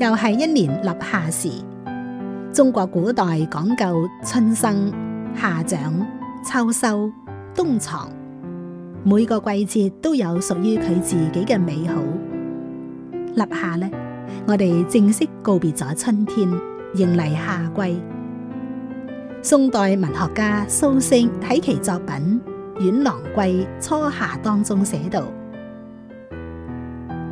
又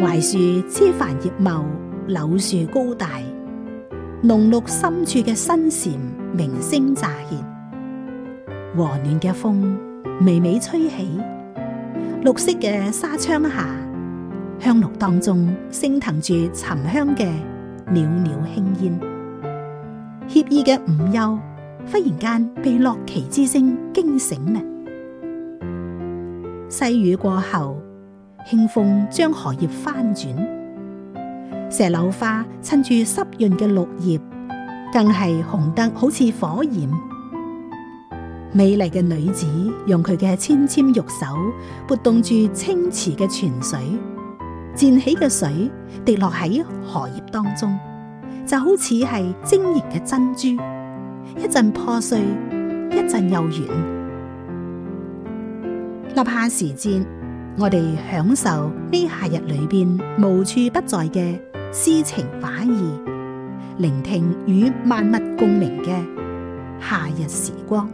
槐樹枝繁葉茂，柳樹高大，濃綠深處嘅新蟬鳴聲乍現，和暖嘅風微微吹起，綠色嘅紗窗下，香爐當中升騰住沉香嘅裊裊輕煙，愜意嘅午休忽然間被落棋之聲驚醒咧，細雨過後。輕風將荷葉翻轉，石榴花襯住濕潤嘅綠葉，更係紅得好似火焰。美麗嘅女子用佢嘅纖纖玉手撥動住清池嘅泉水，濺起嘅水滴落喺荷葉當中，就好似係晶瑩嘅珍珠，一陣破碎，一陣又圓。立夏時節。我哋享受呢夏日裏邊無處不在嘅詩情畫意，聆聽與萬物共鳴嘅夏日時光。